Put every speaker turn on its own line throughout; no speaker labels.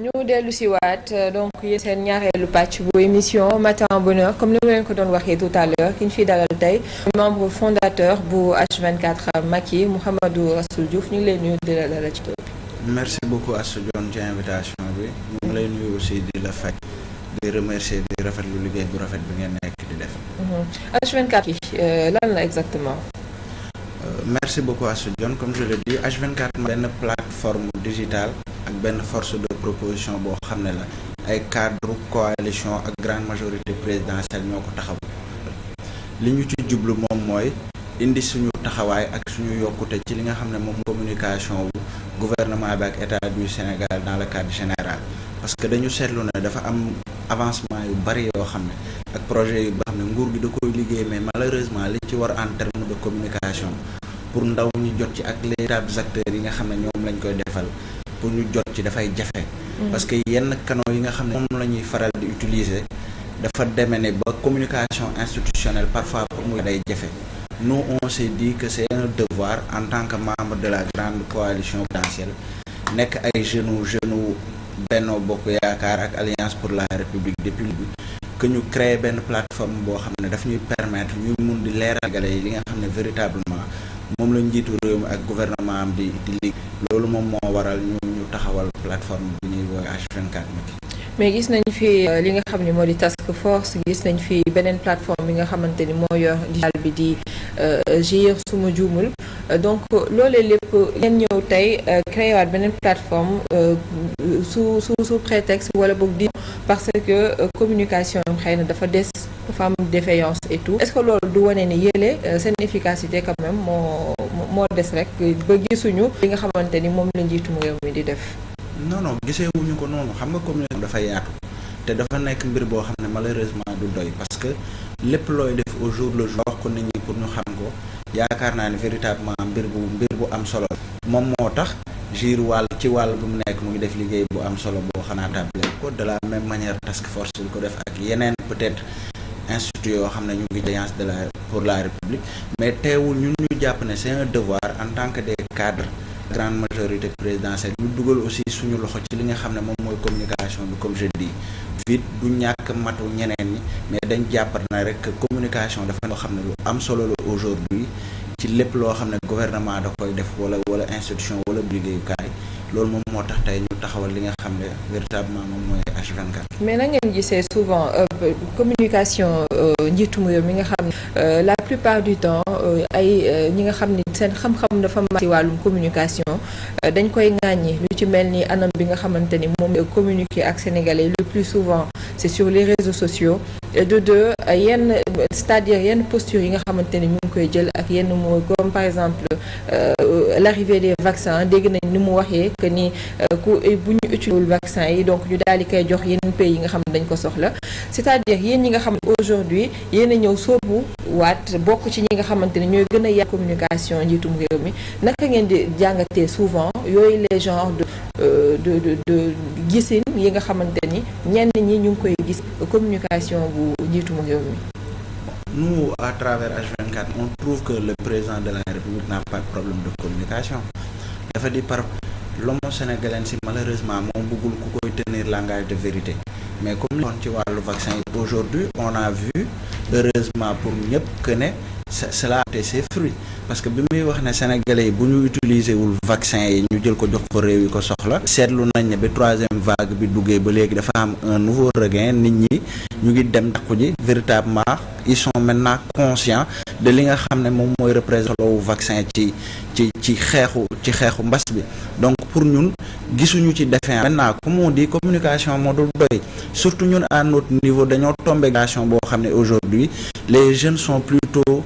ñu dellu si waat euh, donc yéen seen ñaareelu pàcc bu émission matin bonheur comme ni ma leen ko doon waxee tout à l'heure ki ñu fi dalal tey membre fondateur bu H24 Macky Mouhamadou Rassoul Diouf ñu ngi lay nuyu di la
dalal ci topp merci beaucoup Astou Dione ci invitation bi ñu ngi lay nuyu aussi di la di remercier di liggéey bu rafet bi ngeen nekk di def
yi mhm. euh, lan la exactement
euh, merci beaucoup Astou Dione comme je l'ai dit H24 benn plateforme digitale ak benn force de proposition boo xam ne la ay cadre coalition ak grande majorité présidentielle ñoo ko taxaw li ñu ci jublu moom mooy indi suñu taxawaay ak suñu yokkute ci li nga xam ne moom communication bu gouvernement bi ak état du Sénégal dans le cadre général parce que dañu seetlu ne dafa am avancement yu bari yoo xam ne ak projet yu ba xam ne nguur gi da koy liggéey mais malheureusement li ci war en terme de communication pour ndaw ñi jot ci ak les acteurs yi nga xam ne ñoom lañ koy defal pour ñu jot ci dafay jafe. Mm. parce que yenn canaux yi nga xam ne moom la ñuy faral di utiliser dafa deme ne ba communication institutionnelle parfois pour mu day jafe nous on di dit que c'est un devoir en tant que membre de la grande coalition présidentielle nekk ay jeunes jeunes Benno Bokk Yaakaar ak Alliance pour la République depuis le début que ñu benn plateforme boo xam ne daf ñuy permettre ñuy mun di leeral gale yi li nga xam ne véritablement moom la njiitu réew mi ak gouvernement am di di loolu moom moo waral ñu ñu taxawal plateforme bi ñuy woowee H24 Macky
mais gis nañ fii euh, li nga xam ne moo di task force gis nañ fii beneen plateforme bi nga xamante ni moo yor digital bi di GIR euh, suma juumul euh, donc loolee lépp ngeen ñëw tey créé waat beneen plateforme su su sous prétexte wala boog di parce que communication xëy na dafa des dafa am défaillance et tout est-ce que loolu du wane ni yële seen efficacité quand même moo moo des rek ba gisuñu li nga xamante ni moom la njiitum réew mi di def
non non gisee wuñu ko noonu xam nga communication dafa yaatu te dafa nekk mbir boo xam ne malheureusement du doy parce que lépp looy def au jour le jour wax ko nit ñi pour ñu xam ko yaakaar naa ne véritablement mbir bu mbir bu am solo moom moo tax jur wàll ci wàll bu mu nekk mu ngi def liggéey bu am solo boo xanaa ko de la même manière task force bi ko def ak yeneen peut-être institut yoo xam ne ñu ngi alliance de la pour la république mais teewul ñu ñu jàpp ne c'est un devoir en tant que des cadres grande majorité présidentielle ñu dugal aussi suñu loxo ci li nga xam ne moom mooy communication bi comme je dis vite du ñàkk matu ñeneen ñi mais dañ jàppar na rek communication dafa loo xam ne lu am solo la aujourd'hui ci lépp loo xam ne gouvernement da koy def wala wala institution wala liggéeyukaay loolu moom moo tax tey taxawal li nga xam ne véritablement moom mooy H24.
mais na ngeen gisee souvent euh, communication euh, njiitum réew mi nga xam ne euh, la plupart du temps ay ñi nga xam ni seen xam-xam dafa màcc ci wàllum communication dañ koy ŋàññi lu ci mel ni anam bi nga xamante ni moom communiquer ak sénégalais le plus souvent. c'est sur les réseaux sociaux de deux yenn c'est-à-dire yenn posture yi nga xamante ni ñu ngi koy jël ak yenn mooy comme par exemple euh, l'arrivée des vaccins dégg nañ ni mu waxee que ni euh, ku bu ñu utiliwul vaccin yi donc ñu daal di koy jox yenn pays yi nga xam ne dañ ko soxla cest à yéen ñi nga xam ne aujourd'hui yéen ñëw soobu waat bokk ci ñi nga xamante ni ñooy gën a yàq communication njiitum réew mi naka ngeen di jàngatee souvent yooyu les Euh, de de de gisin yi nga xamante ni ñenn ñi ñu ngi koy gis communication bu njiitum réew
mi. à travers H24 on trouve que le président de la République n'a pas de problème de communication dafa di par l'homme sénégalais si malheureusement moom bëggul ku koy tenir langage de vérité. mais comme li ci wàllu vaccin yi aujourd'hui on a vu heureusement pour ñëpp que ne cela a été ses fruits parce que bi wax ne sénégalais yi bu ñu utiliser wul vaccin yi ñu jël ko jox ko réew yi ko soxla seetlu nañ ne ba troisième vague bi duggee ba léegi dafa am un nouveau regain nit ñi ñu ngi dem takku ji véritablement ils sont maintenant conscients de li nga xam ne moom mooy représenté wu vaccin ci ci ci xeexu ci xeexu mbas bi donc pour ñun gisuñu ci defin maintenant comme on di communication moo dul doy surtout ñun à notre niveau dañoo tombé génération boo xam ne aujourd'hui les jeunes son plutôt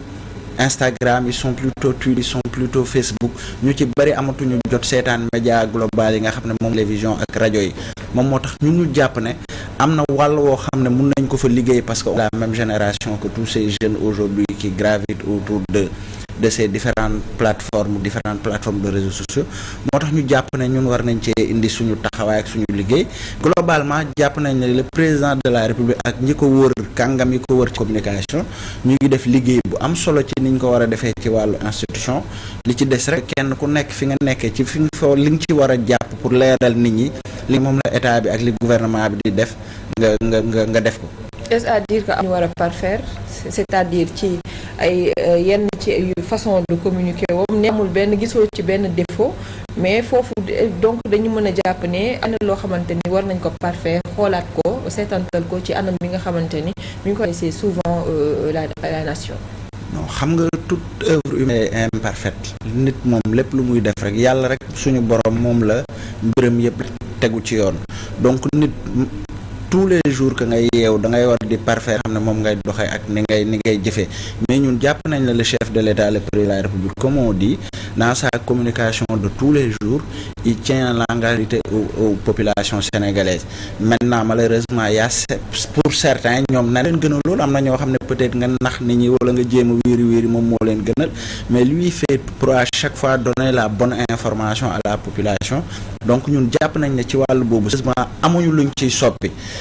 Instagram ils sont plutôt Twitter ils sont plutôt Facebook ñu ci bëri amatuñu jot seetaan média global yi nga xam ne moom télévision ak rajo yi moom moo tax ñun ñu jàpp ne am na wàll woo xam ne mun nañ ko fa liggéey parce que on la même génération que tous ces jeunes aujourd'hui qui gravitent autour de de ces différentes plateformes différentes plateformes de réseaux sociaux moo tax ñu jàpp ne ñun war nañ cee indi suñu taxawaay ak suñu liggéey globalement jàpp nañ ne le président de la république ak ñi ko wër kàngam yi ko wër ci communication ñu ngi def liggéey bu am solo ci niñ ko war a defee ci wàllu institution li ci des rek kenn ku nekk fi nga nekkee ci fi nga fa li nga ci war a jàpp pour leeral nit ñi li moom la état bi ak li gouvernement bi di def nga nga nga nga def ko.
est à dire que am ñu war a parfaire c'est à dire ci ay euh, yenn ci ay façon de communiquer woom ne amul benn gisoo ci benn défaut mais foofu donc dañu mën a jàpp ne am loo xamante ni war nañ ko parfaire xoolaat ko seetantal ko ci anam bi nga xamante ni mi ngi ko c'est souvent euh, euh, la la nation.
non xam nga toute œuvre humaine est imparfaite nit moom lépp lu muy def rek yàlla rek suñu borom moom la mbiram yëpp. tegu ci yoon donc nit tous les jours que ngay yeew da war di parfaire xam ne moom ngay doxee ak ni ngay ni mais ñun jàpp nañ la chef de l'État le président de la République comme on dit dans sa communication de tous les jours il tient langage aux, aux populations sénégalaises maintenant malheureusement y a pour certains ñoom na leen gënal loolu am na ñoo xam ne peut-être nga nax nit ñi wala nga jéem a wiiri wiiri moom moo leen gënal mais lui fait pour à chaque fois donner la bonne information à la population donc ñun jàpp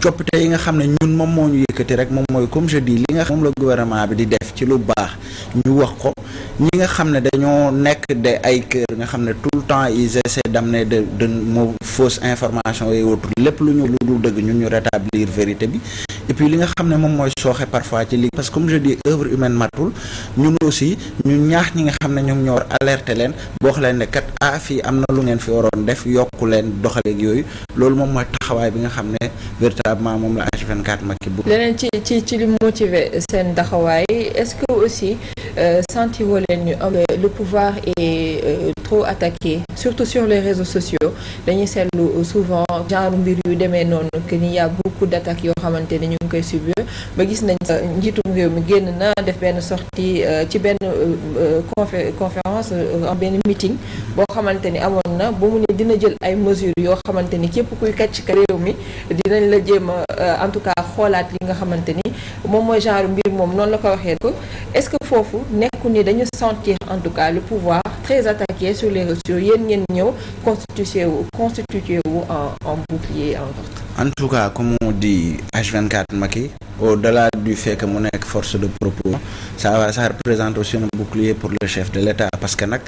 coppite yi nga xam ne ñun moom moo ñu yëkkati rek moom mooy comme je dis li nga xam moom gouvernement bi di def ci lu baax ñu wax ko ñi nga xam ne dañoo nekk de ay kër nga xam ne tout le temps ils essaient d'amener de de mo fausse information et autres lépp lu ñu lu dul dëgg ñun ñu rétablir vérité bi et puis li nga xam ne moom mooy sooxe parfois ci lii parce que comme je dis œuvre humaine matul ñun aussi ñu ñaax ñi nga xam ne ñoom ñoo war leen boo xam leen kat ah, fii am na lu ngeen fi waroon def yokku leen doxaleeg yooyu loolu moom mooy bi nga xam ne ma ki bu
leneen ci ci ci li motiver seen taxawaay est-ce que aussi euh, senti woo am euh, le pouvoir est euh, trop attaqué surtout sur les réseaux sociaux dañuy seetlu souvent genre mbir yu demee noonu que ni y a beaucoup d'attaques yoo xamante ni ñu ngi koy subir ba gis nañ njiitum réew mi génn na def benn sortie ci benn conférence pense euh, en benn meeting boo xamante ni amoon na ba mu ne dina jël ay mesures yoo xamante ni képp kuy kàcc ka réew mi dinañ la jéem a euh, en tout cas xoolaat li nga xamante ni moom mooy genre mbir moom noonu la ko waxee ko est-ce que foofu nekku ni dañu sentir en tout cas le pouvoir très attaqué sur les réseaux yéen ngeen ñëw constitué wu constitué wu euh, en bouclier
en tout cas comme on dit H24 Macky au-delà du fait que mu nekk force de propos ça va ça représente aussi bouclier pour le chef de l'État parce que nag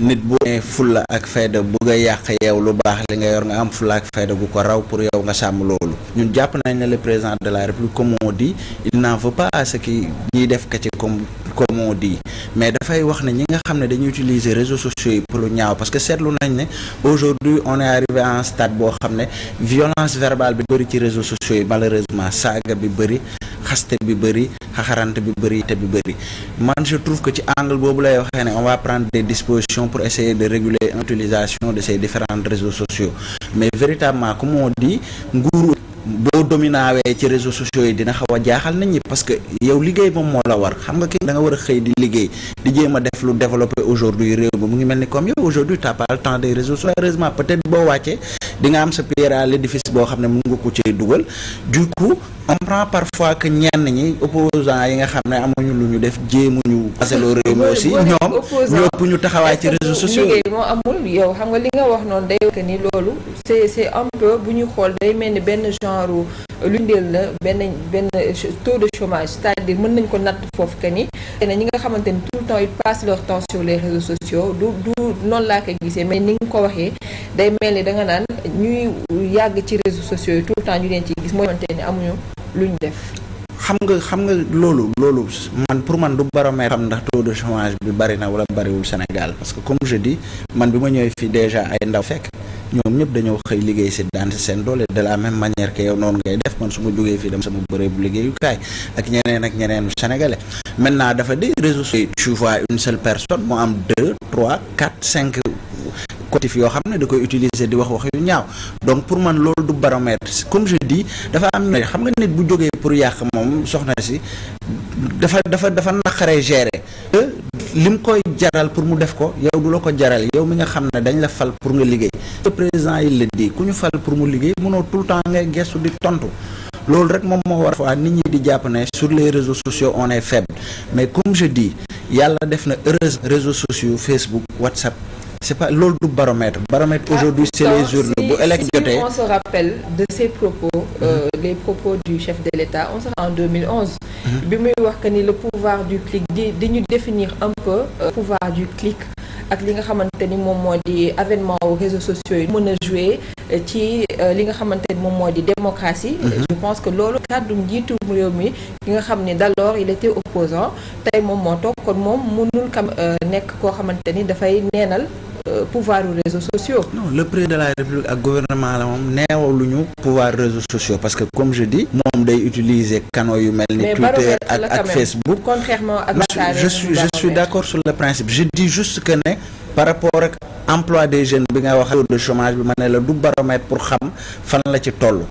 nit bu ne fulla ak fayda bëgg a yàq yow lu baax li nga yor nga am fulla ak fayda gu ko raw pour yow nga sàmm loolu ñun jàpp nañ ne le président de la République comme on dit il n'en veut pas à ce qui def ka ci comme comme on dit mais dafay wax ne ñi nga xam ne dañuy utiliser réseaux sociaux yi pour lu ñaaw parce que seetlu nañ ne aujourd'hui on est arrivé à un stade boo xam ne violence verbale bi bëri ci réseaux sociaux yi malheureusement saaga bi bëri xaste bi bëri xaxarante bi bëri te bi bëri man je trouve que ci angle boobu lay waxee ne on va prendre des dispositions pour essayer de réguler l'utilisation de ces différents réseaux sociaux mais véritablement boo dominaawee ci réseaux sociaux yi dina xaw a jaaxal nit ñi parce que yow liggéey moom moo la war xam nga ki da nga war a xëy di liggéey di jéem a def lu développé aujourd'hui réew mi mu ngi mel ni comme yow aujourd'hui t'as pas le temps des réseaux sociaux heureusement peut-être boo wàccee di am sa pierre à l'édifice boo xam ne mun nga ko cee dugal du coup on comprend parfois que ñenn ñi opposants yi nga xam ne amuñu lu ñu def jéemuñu aseloo réew mi aussi ñoom ñëpp ñu taxawaay ci réseaux sociaux liggéey
moo amul yow xam nga li nga wax noonu day que ni loolu c'est c'est un peu bu ñu xool day mel ni benn genre lu ndeel la benn benn taux de chômage c'est-à-dire mën nañ ko natt foofu que ni tene ñi nga xamante ni tout le temps ils passent leur temps sur les réseaux sociaux du du noonu laa koy gisee mais ni nga ko waxee day mel ni da nga naan ñuy yàgg ci réseaux sociaux yi tout le temps ñu leen amuñu lu ñu def.
xam nga xam nga loolu loolu man pour man du baromètre xam ndax taux de chômage bi bari na wala bariwul Sénégal parce que comme je dis man bi ma ñëwee fii déjà ay ndaw fekk ñoom ñëpp dañoo xëy liggéey si daan si seen doole de la même manière que yow noonu ngay def man su ma jógee fii dem sama bërëbu liggéeyukaay ak ñeneen ak ñeneen sénégalais maintenant dafa di réseaux sociaux tu vois une seule personne mu am deux trois quatre cinq cotif yoo xam ne da koy utiliser di wax wax yu ñaaw donc pour man loolu du baromètre comme je dis dafa am na xam nga nit bu jógee pour yàq moom soxna si dafa dafa dafa naqaree gérer lim koy jaral pour mu def ko yow du la ko jaral yow mi nga xam ne dañ la fal pour nga liggéey le président il le dit ku ñu fal pour mu liggéey mënoo tout le temps ngay gestu di tontu loolu rek moom moo war a nit ñi di jàpp ne sur les réseaux sociaux on est faible mais comme je dis yàlla def na heureuse réseaux sociaux Facebook WhatsApp c'est pas loolu du baromètre baromètre aujourd'hui c'est les urnes bu élect jotee on se
rappelle de ces propos euh, mm les propos du chef de l'État on se en mhm. wax que ni le pouvoir du clic di di ñu définir un peu euh, pouvoir du clic ak li nga xamante ni moom moo di avènement aux réseaux sociaux yi mën a jouer euh, ci euh, li nga xamante ni moom moo di démocratie mhm. je pense que loolu kàddu njiitu réew mi ki nga xam ni d'alors il était opposant tey moom moo toog kon moom mënul kam euh, nekk koo xamante ni dafay neenal Euh, pouvoir réseaux sociaux.
non le président de la république ak gouvernement la moom neewaluñu pouvoir réseaux sociaux parce que comme je dis moom day utiliser canaux yu mel ni Twitter ak ak Facebook
contrairement ak je suis je suis
d'accord sur le principe je dis juste que ne par rapport ak emploi des jeunes bi nga wax a de chômage bi ma ne la du baromètre pour xam fan la ci toll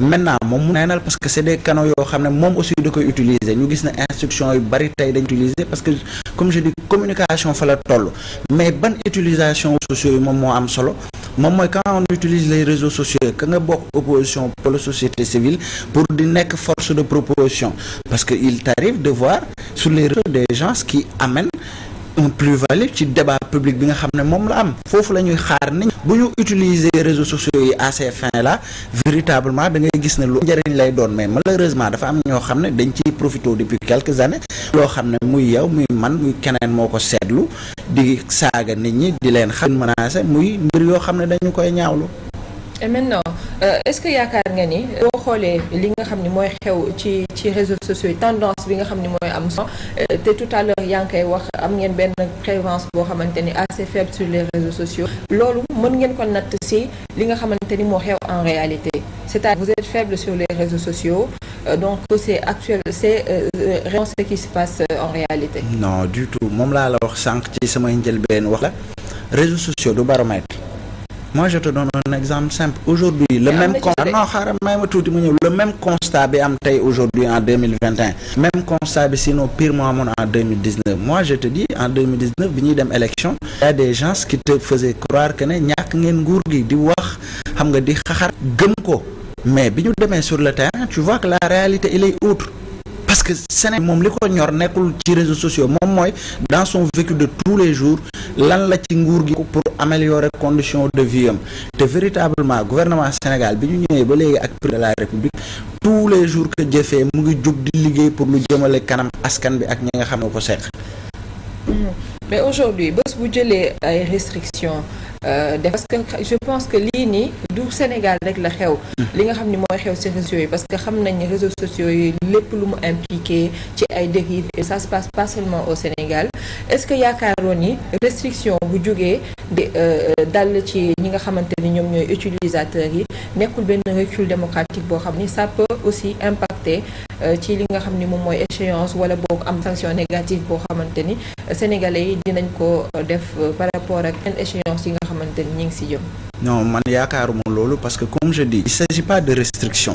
maintenant moom mu neenal parce que c'est des canaux yoo xam ne moom aussi da koy utiliser ñu gis ne instruction yu bari tey dañ utiliser parce que comme je dis communication fa la toll mais ban utilisation sociaux yi moom moo am solo moom mooy quand on utilise les réseaux sociaux que nga bokk opposition pour la société civile pour di nekk force de proposition parce que il t'arrive de voir sur les réseaux des un plus-value ci débat public bi nga xam ne moom la am foofu la ñuy xaar nañ bu ñu utiliser réseaux sociaux yi à ces fins là véritablement da ngay gis ne lu njëriñ lay doon mais malheureusement dafa am ñoo xam ne dañ ciy profité depuis quelques années loo xam ne muy yow muy man muy keneen moo ko seetlu di saaga nit ñi di leen xam menacé muy mbir yoo xam ne dañu koy ñaawlu
et maintenant euh, est-ce que yaakaar nga ni boo xoolee li nga xam ni mooy xew ci ci réseaux sociaux yi tendance bi nga xam ni mooy am son euh, te tout à l'heure yaa koy wax am ngeen benn prévalence boo xamante ni assez faible sur les réseaux sociaux loolu mën ngeen ko natt si li nga xamante ni moo xew en réalité c'est-à-dire vous êtes faible sur les réseaux sociaux euh, donc c'est actuel c'est vraiment ce qui se passe en réalité
non du tout moom laa la wax sànq ci samay benn wax la réseaux sociaux du baromètre moi je te donne un exemple simple aujourd'hui le yeah, même constat non xaaral may ma tuuti ma ñëw le même constat bi am tey aujourd'hui en même constat bi sinon pire moo en 2019 je te dis en bi ñuy dem élection y a des gens qui te faisaient croire que ne ñàkk ngeen nguur gi di wax xam nga di xaxar gëm ko mais bi ñu demee sur le terrain tu vois que la réalité il est autre parce que Sénégal moom li ko ñor nekkul ci réseaux sociaux moom mooy dans son vécu de tous les jours lan la ci nguur gi pour améliorer condition de vie am te véritablement gouvernement Sénégal bi ñu ñëwee ba léegi ak président de la République tous les jours que jëfee mu ngi jug di liggéey pour lu jëmale kanam askan bi ak ñi nga xam ne ko seq
mm. mais aujourd'hui bés bu jëlee ay restrictions Euh, def parce que je pense que lii nii du Sénégal rek la xew hmm. li nga xam ni mooy xew ci réseaux yi parce que xam nañ ne réseaux sociaux yi lépp lu mu impliqué ci ay dérives et ça se passe pas seulement au Sénégal est-ce que yaakaaroon ni restriction bu jogee di euh, dal ci ñi nga xamante ni ñoom ñooy utilisateurs yi nekkul benn recul démocratique boo xam ni ça peut aussi impacté Euh, ci li nga xam ni moom mooy échéance wala boog am sanction négative boo xamante ni euh, sénégalais yi dinañ ko euh, def par rapport ak yenn échéance yi nga xamante ni ñu ngi si jëm.
non man yaakaaruma loolu parce que comme je dis. il s'agit pas de restriction.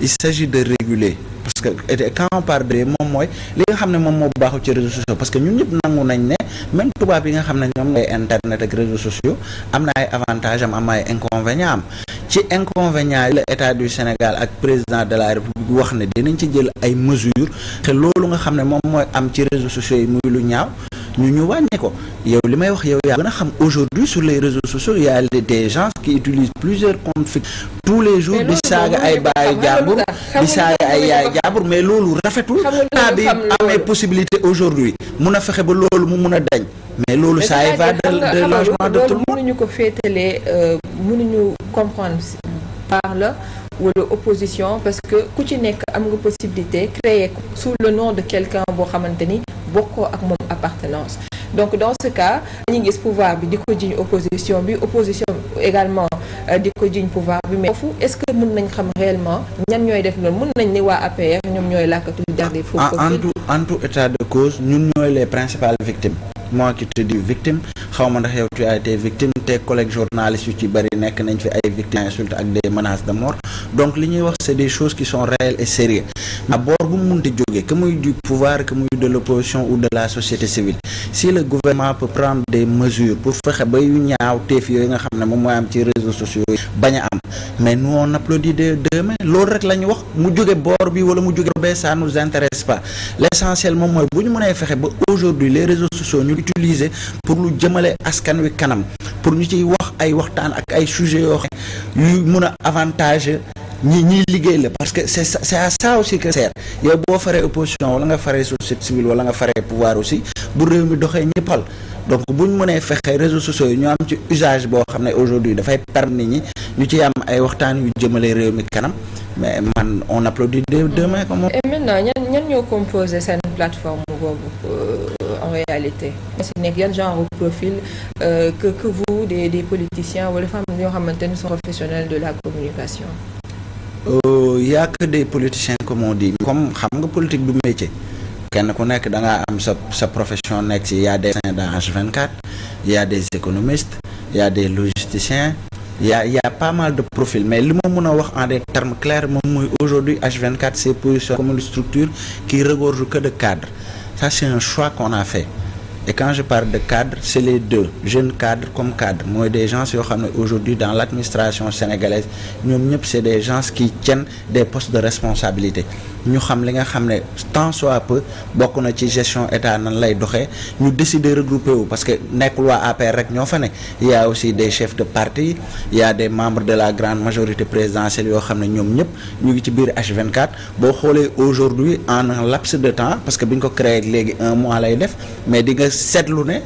il s'agit de réguler parce que quand on de moom mooy li nga xam ne moom moo baaxul ci réseaux sociaux parce que ñun ñëpp nangu nañ ne même tubaab yi nga xam ne ñoom ngay internet ak réseaux sociaux am na ay avantages am am ay inconvénients ci inconvénient yi la état du Sénégal ak président de la république wax ne dinañ ci jël ay mesures te loolu nga xam ne moom mooy am ci réseaux sociaux yi muy lu ñaaw ñu ñu wàññi ko yow li may wax yow yaa gën a xam aujourd'hui sur les réseaux sociaux y a des gens qui utilisent plusieurs comptes fixes tous les jours di saaga ay baayu jàmbur di saaga ay yaay jàmbur mais loolu rafetul état bi amee possibilité aujourd'hui mun a fexe ba loolu mu mun a dañ mais loolu ça y va de de l'engagement de tout le
monde mënuñu ko féetalee euh, mënuñu comprendre par la wala opposition parce que ku ci nekk am nga possibilité créer sous le nom de quelqu'un boo xamante ni bokkoo ak moom appartenance donc dans ce cas dañuy gis pouvoir bi di ko jiñ opposition bi opposition également euh, di ko jiñ pouvoir bi mais foofu est-ce que mun nañ xam réellement ñan ñooy def loolu mën nañ ni waa APR ñoom ñooy làkkatu derrière les faux profils
en tout e tout ñun les principales victimes moi qui te dis victime xaw ma ndax yow tu as été victime tes collègues journalistes yu ci bëri nekk nañ fi ay victimes insultes ak des menaces de mort donc li ñuy wax c'est des choses qui sont réelles et sérieuses mais boor bu mu munti jógee que muy du pouvoir que muy de l'opposition ou de la société civile si le gouvernement peut prendre des mesures pour fexe ba yu ñaaw teef yooyu nga xam ne moom mooy am ci réseaux sociaux yi bañ a am mais nous on applaudit de demain loolu rek utiliser pour lu jëmale askan wi kanam pour ñu ciy wax ay waxtaan ak ay sujets yoo xam ne yu a avantage ñi ñiy liggéey la parce que c'est c'est à ça aussi que yow boo faree opposition wala nga faree société civile wala nga faree pouvoir aussi bu réew mi doxee ñëppal donc bu ñu mënee fexe réseau sociaux yi ñoo am ci usage boo xam ne aujourd'hui dafay permettre nit ñi ñu ci am ay waxtaan yu jëmale réew mi kanam mais man on applaudit de deux mains e
et maintenant ñan ñan ñoo composé seen plateforme boobu euh, en réalité si nekk yan genre profil euh, que que vous des des politiciens wala femmes yoo xamante ne sont professionnels de la communication
euh, y que des politiciens comme on dit comme xam nga politique du métier kenn ku nekk da ngaa am sa sa profession nekk si y a des médecins dans H24 y a des économistes y a des logisticiens y' a y' a pas mal de profils mais li ma mën a wax en des termes clairs moom mooy aujourd'hui H24 s'est positionné comme une structure qui regorge que de cadres ça c'est un choix qu'on a fait et quand je parle de cadres c'est les deux jeunes cadres comme cadres mooy des gens yoo xam ne aujourd'hui dans l'administration sénégalaise ñoom ñëpp c'est des gens qui tiennent des postes de responsabilité ñu xam li nga xam ne tant soit peu bokk na ci gestion état nan lay doxee ñu décider regrouper wu parce que nekkul waa APR rek ñoo fa ne y aussi des chef de parti y a des membres de la grande majorité présidentielle yoo xam ne ñoom ñëpp ñu ngi ci biir H24 boo xoolee aujourd'hui en un laps de temps parce que bi ñu ko créé léegi un mois lay def mais di nga seetlu ne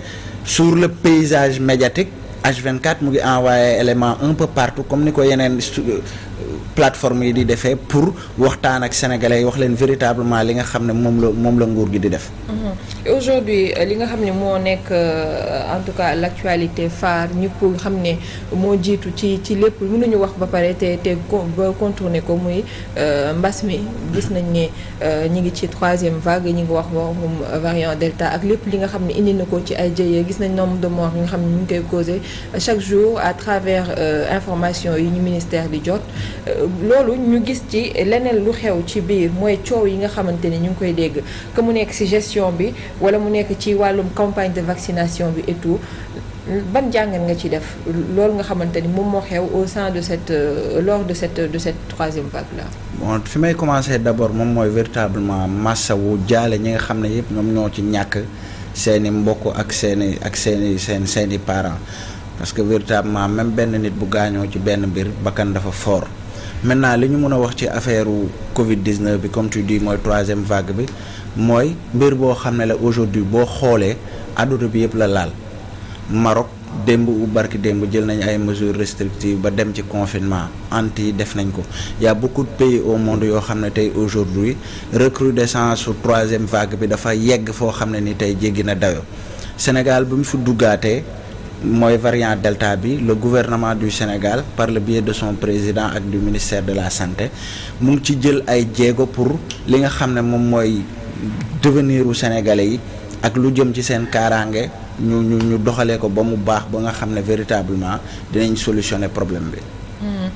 sur le paysage médiatique H24 mu ngi envoyé élément un peu partout comme ni ko yeneen plateforme yi di defee pour waxtaan ak sénégalais yi wax leen véritablement li nga xam ne moom la moom la nguur gi di def.
Mhm. aujourd'hui euh, li nga xam ne moo nekk euh, en tout cas l'actualité ñu ñëpp xam ne moo jiitu ci ci lépp ñu wax ba pare te te ba contourner ko muy euh, mbas mi gis nañ ne ñu ngi ci troisième vague ñu ngi wax waxum variant delta ak lépp li nga xam ne indi na ko ci ay jëyee gis nañ nombre de morts yi nga xam ne ñu ngi koy causé chaque jour à travers information yi ñu ministère di jot. loolu ñu gis ci leneen lu xew ci biir mooy coow yi nga xamante ni ñu ngi koy dégg que mu nekk ci gestion bi walla mu nekk ci wàllum compagne de vaccination bi et tout ban jàngat nga ci def loolu nga xamante ni moom moo xew au sein de cette euh, lors de cette de cette troisième vague là.
bon fi may commencer d'abord moom mooy véritablement wu jaale ñi nga xam ne yëpp ñoom ñoo ci ñàkk seeni mbokk ak seeni ak seeni seen seeni parent parce que véritablement même benn nit bu gaañoo ci benn mbir bakkan dafa fort. maintenant li ñu mën a wax ci affaire Covid 19 bi comme tu dis mooy troisième vague bi mooy mbir boo xam ne la aujourd'hui boo xoolee adduna bi yëpp la laal Maroc démb u barki démb jël nañ ay mesures restrictives ba dem ci confinement anti def nañ ko y a beaucoup pays au monde yoo xam ne tey aujourd'hui recrudescence su troisième vague bi dafa yegg foo xam ne ni tey jéggi na dayo Sénégal bi mu fi duggaatee. mooy variant delta bi le gouvernement du Sénégal par le biais de son président ak du ministère de la santé mu ngi ci jël ay jéego pour li nga xam ne moom mooy deveniru sénégalais yi ak lu jëm ci seen kaaraange ñu ñu ñu doxalee ko ba mu baax ba nga xam ne véritablement dinañ solutionner problème bi.
Hmm.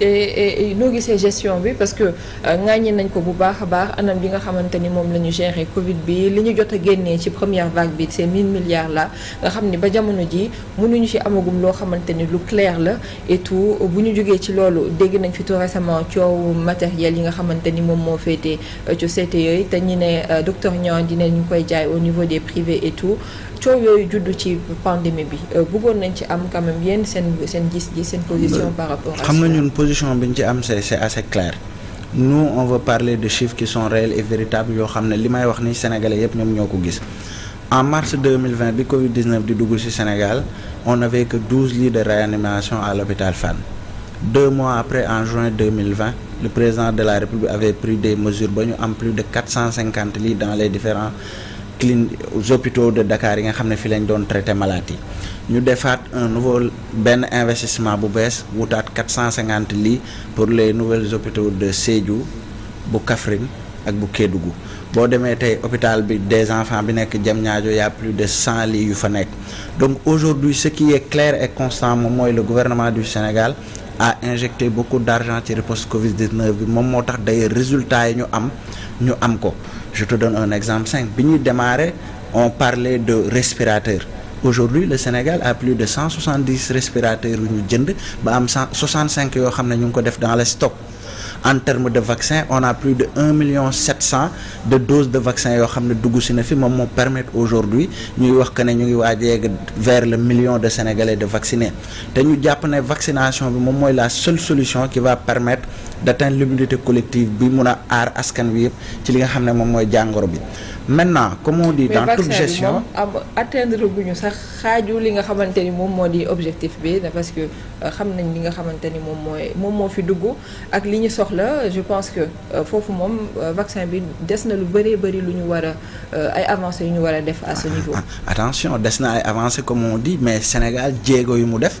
et noo gisee gestion bi parce que euh, ŋàññi nañ ko bu baax a baax anam bi nga xamante ni moom la ñu gérer Covid bi li ñu jot a génnee ci première vague bi ces 1000 milliards la nga xam ni ba jamono ji mënuñu ci amagum loo xamante ni lu clair la et tout bu ñu jógee ci loolu dégg nañ fi tout récemment coow matériel yi nga xamante ni moom moo féetee euh, société yooyu te ñu ne euh, docteur Niang dinañ koy jaay au niveau des privés et tout. coow yooyu juddu ci pandémie bi euh, bëggoon nañ ci am quand même seen seen gis-gis seen position par xam na
ñun position bi ñu ci am c'est c'est assez clair nous on veut parler de chiffres qui sont réels et véritables yoo xam ne li may wax ni sénégalais yëpp ñoom ñoo ko gis en mars 2020 bi Covid 19 di dugg ci Sénégal on n'avait que 12 lits de réanimation à l'hôpital Fann deux mois après en juin 2020 le président de la République avait pris des mesures ba ñu am plus de 450 lits dans les différents clin hôpitaux de Dakar yi nga xam ne fi lañ doon traité malade yi ñu defaat un nouveau benn investissement bu bees wutaat 450 lits pour les nouvelles hôpitaux de Sédhiou bu Kaffrine ak bu Kédougou boo demee tey hôpital bi des enfants bi nekk Diamniadio y a plus de 100 lits yu fa nekk donc aujourd'hui ce qui est clair et constant mooy le gouvernement du Sénégal a injecté beaucoup d'argent ci riposte Covid 19 bi moom moo tax day résultat yi ñu am ñu am ko je te donne un exemple simple bi ñuy démarrer on parlait de respirateurs aujourd'hui le Sénégal a plus de 170 respirateurs yu ñu jënd ba am 65 yoo xam ne ñu ngi ko def dans les stocks en termes de vaccin on a plus de 1 million 700 de doses de vaccin yoo xam ne dugg si na fi moom moo permettre aujourd'hui ñuy wax que ne ñu ngi waaj yegg vers le million de Sénégalais de vacciner te ñu jàpp ne vaccination bi moom mooy la seule solution qui va permettre d'atteindre l'immunité collective bi mun a aar askan wi yëpp ci li nga xam ne moom mooy jàngoro bi maintenant comme on dans toute gestion
am atteindre guñu sax xaaju li nga xamante ni moom moo di objectif bi parce que euh, xam nañ li nga xamante ni moom mooy moom moo fi dugg ak li ñu soxla je pense que euh, foofu moom euh, vaccin bi des na lu bëree bëri lu ñu war a ay avancées yu ñu war def à ah,
ah, attention des na ay avancées comme di dit mais Sénégal jéego yu mu def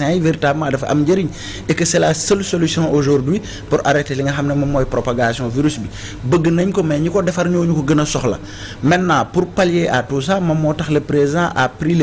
vaccin yi dafa am njëriñ et la seule solution aujourd'hui pour arrêter li nga xam ne moom mooy propagation virus bi bëgg nañ ko mais ñi ko defar ñoo ñu ko gën a soxla maintenant pour pallier à tout ça moom moo tax le présent a pris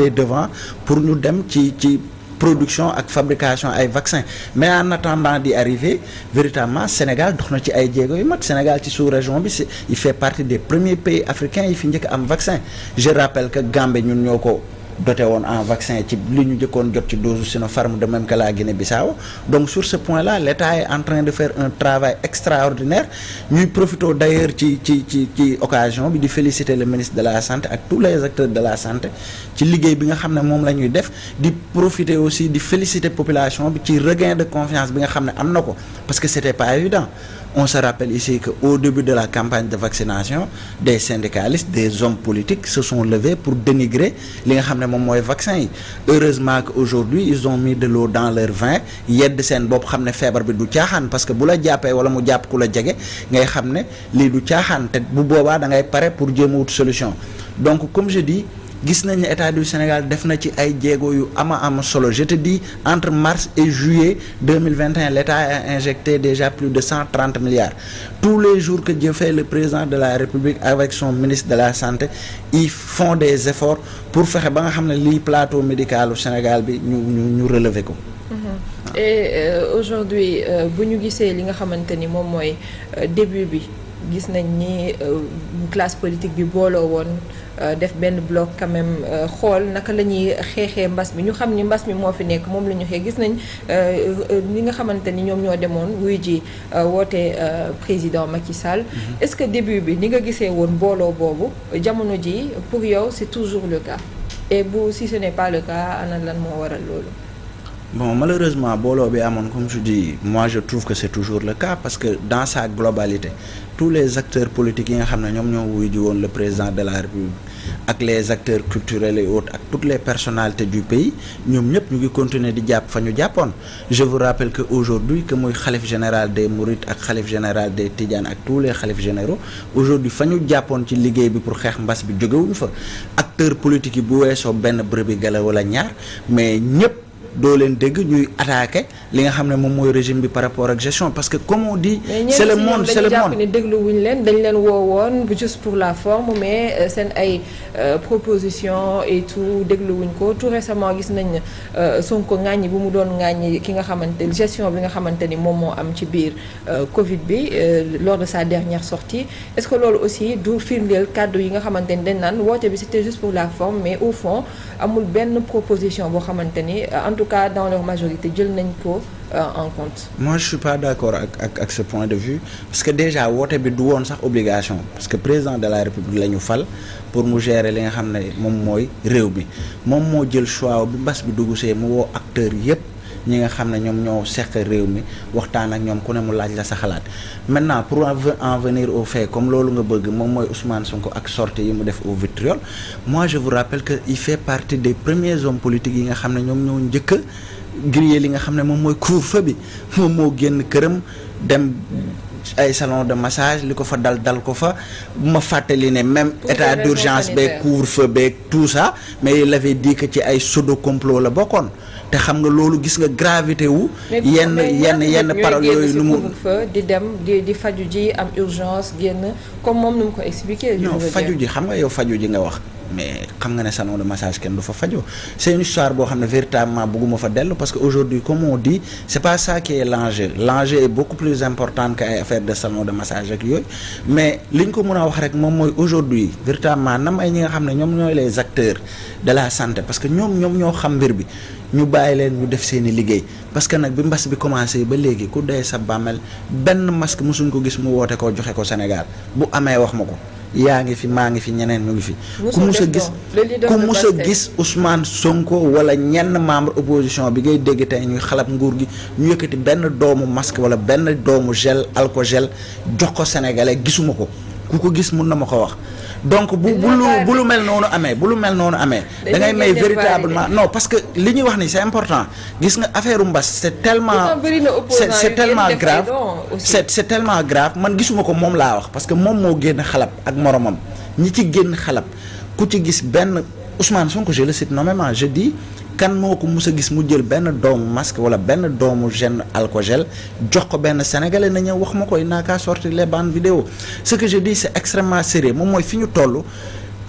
pour ñu dem ci ci production ak fabrication ay vaccin mais en attendant d'y arriver véritablement Sénégal dox na ci ay jéego yu mag Sénégal ci sous-région bi il fait partie des premiers pays africains yi fi njëkk am vaccin je rappelle que ñun ñoo ko doté woon en vaccin ci li ñu njëkkoon jot ci dose Sinopharm de même que la Guinée-Bissau donc sur ce point là l' état est en train de faire un travail extraordinaire ñuy profito d' ailleurs ci ci ci ci occasion bi di féliciter le ministre de la santé ak tous les acteurs de la santé ci liggéey bi nga xam ne moom la ñuy def di profiter aussi di féliciter population bi ci regin de confiance bi nga xam ne am na ko parce que c' était pas évident on se rappelle ici que au début de la campagne de vaccination des syndicalistes des hommes politiques se sont levés pour dénigrer li nga xam ne moom mooy vaccin yi heureusement que aujourd'hui ils ont mis de l'eau dans leur vin yedd seen bopp xam ne feebar bi du caaxaan parce que bu la jàppee wala mu jàpp ku la jege ngay xam ne lii du caaxaan te bu boobaa da ngay pare pour jéem a wut solution donc comme je dis gis nañ ne état du Sénégal def na ci ay jéego yu ama am solo je te dis entre mars et juillet deux mille vingt et l' état a injecté déjà plus de cent milliards tous les jours que Dieu le président de la République avec son ministre de la santé ils font des efforts pour fexe ba nga xam ne lii plateau médicalu Sénégal bi ñu ñu ñu relever ko.
Mm-hmm. et euh, aujourd'hui euh, bu ñu gisee li nga xamante ni moom mooy euh, début bi. gis nañ ni euh, classe politique bi booloo woon euh, def benn bloc quand même euh, xool naka la ñuy xeexee mbas bi ñu xam ni mbas mi moo fi nekk moom la ñu xee gis nañ li nga xamante ni ñoom ñoo demoon wuy ji woote président Macky Sall. Mm-hmm. est-ce que début bi ni nga gisee woon booloo boobu jamono ji pour yow c'est toujours le cas et bu si ce n'est pas le cas ana lan moo waral loolu.
bon malheureusement booloo bi amoon comme je dis moi je trouve que c'est toujours le cas parce que dans sa globalité tous les acteurs politiques yi nga xam ne ñoom ñoo wuy ji woon le président de la République ak les acteurs culturels et autres ak toutes les personnalités du pays ñoom ñëpp ñu ngi continuer di jàpp fa ñu jàppoon je vous rappelle que aujourd'hui que muy xalif général des Mourides ak xalif général des Tidianes ak tous les xalif généraux aujourd'hui fa ñu jàppoon ci liggéey bi pour xeex mbas bi jógewuñu fa acteurs politiques yi bu weesoo benn bërëb bi gala ñaar mais ñëpp doo leen dégg ñuy attaqué li nga xam ne moom mooy régime bi par rapport ak gestion parce que comme on dit. c'est le monde c'est wuñ
leen dañ leen woowoon juste pour la forme mais euh, seen ay euh, proposition et tout déglu wuñ ko tout récemment gis nañ euh, Sonko ŋàññi bu mu doon ŋàññi ki nga xamante gestion bi nga xamante ni moom moo am ci biir Covid bi lors de sa dernière sortie est-ce que loolu aussi du firndeel kàddu yi nga xamante ni dañ naan woote bi c'était juste pour la forme mais boo xamante ni en cas dans leur majorité jël nañ ko euh, en compte.
moi je suis pas d'accord ak ak ak ce point de vue parce que déjà woote bi du woon sax obligation parce que président de la république la ñu fal pour mu gérer li nga xam ne moom mooy réew mi moom moo jël choix bi mbas bi dugg see mu woo acteurs yépp ñi nga xam ne ñoom ñoo seq réew mi waxtaan ak ñoom ku ne mu laaj la sa xalaat maintenant pour en venir au fait comme loolu nga bëgg moom mooy Ousmane Sonko ak sortie yi mu def au vitriol moi je vous rappelle que il fait partie des premiers hommes politiques yi nga xam ne ñoom ñoo njëkk grillé li nga xam ne moom mooy couvre-feu bi moom moo génn këram dem ay salon de massage li ko fa dal dal ko fa ma fàttali ne même état d'urgence beeg couvre-feu beeg tout ça mais il avait dit ci ay pseudo complot la bokkoon te xam nga loolu gis nga gravité wu. yenn yenn yenn parole yooyu nu mu
fa di dem di di faju ji am urgence génn comme moom nu mu ko expliqué. non faju
ji xam nga yow faju ji nga wax. mais xam nga ne salon de massage kenn du fa fajoo c'est une histoire boo xam ne véritablement bëgguma fa dellu parce que aujourd'hui comme on dit c'est pas ça qui est est beaucoup plus important que ay affaire de salon de massage ak yooyu mais li ñu ko mën a wax rek moom mooy aujourd'hui véritablement nam ay ñi nga xam ne ñoom ñooy les acteurs de la santé parce que ñoom ñoom ñoo xam bi ñu bàyyi leen ñu def seeni liggéey parce que nag bi mbas bi commencé ba léegi ku dee sa bàmmeel benn masque mosuñ ko gis mu woote ko joxe ko Sénégal bu amee wax ma ko yaa ngi fi maa ngi fi ñeneen ñu ngi fi ku mus a gis ku mus a gis Ousmane Sonko wala ñenn membre opposition bi ngay dégg tey ñuy xalab nguur gi ñu yëkkati benn doomu masque wala benn doomu gel alcogel jox ko Sénégalais gisuma ko ku ko gis mun na ma ko wax donc bu bu lu bu lu mel noonu amee bu lu mel noonu amee da ngay may véritablement non parce que li ñuy wax ni c'est important gis nga affaire mbas c'est tellement c'est c'est tellement grave c'est telement tellement grave man gisuma ko moom laa wax parce que moom moo génn xalab ak moroomam ñi ci génn xalab ku ci gis benn Ousmane Sonko je le cite nommément je dis kan moo ko mus a gis mu jël benn doomu masque wala benn doomu gel alcogel jox ko benn sénégalais na ñëw wax ma koy naakaa sortir les bandes vidéo ce que je dis extrêmement sérieux moom mooy fi ñu toll